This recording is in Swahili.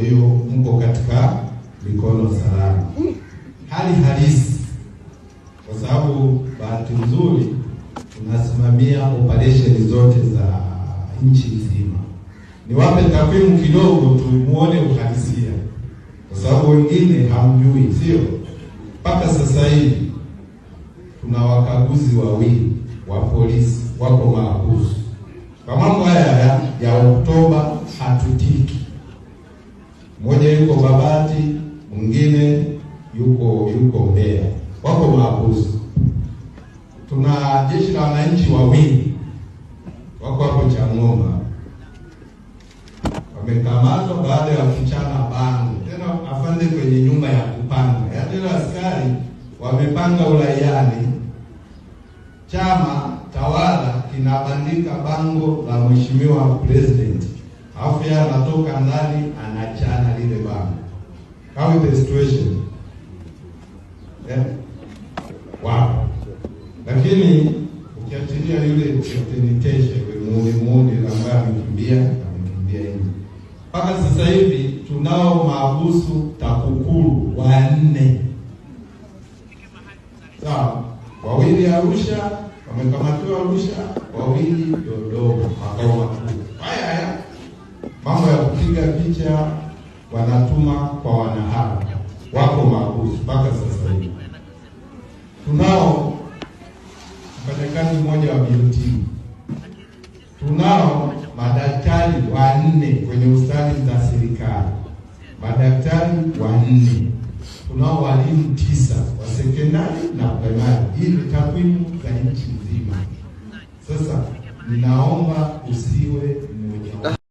hiyo mko katika mikono salama. Hali halisi, kwa sababu bahati nzuri tunasimamia operesheni zote za nchi nzima. Niwape takwimu kidogo tumuone uhalisia, kwa sababu wengine hamjui, sio mpaka sasa hivi tuna wakaguzi wawili wa polisi wako mahabusu kwa mambo haya ya Oktoba yuko Babati, mwingine yuko yuko Mbeya, wako maabuzi. Tuna jeshi la wananchi wawili wako hapo Chang'oma, wamekamatwa baada ya kuchana bango tena, afande, kwenye nyumba ya kupanga, tena, yaani askari wamepanga uraiani, chama tawala kinabandika bango la mheshimiwa president Alafu yeye anatoka ndani anachana lile bango. How is the situation? Yeah. Wow. Lakini ukiachilia yule Captain Tesha yule muuni ambaye amekimbia amekimbia nje. Mpaka sasa hivi tunao mahabusu TAKUKURU wanne. Sawa. Wawili Arusha, wamekamatiwa Arusha, wawili Dodoma, makao makuu kupiga picha wanatuma kwa wanahara wako maarufu mpaka sasa hivi. Tunao mfanyakazi mmoja wa BOT, tunao madaktari wanne kwenye hospitali za serikali, madaktari wanne, tunao walimu tisa wa sekondari na primary. Hii ni takwimu za nchi nzima. Sasa ninaomba usiwe mmoja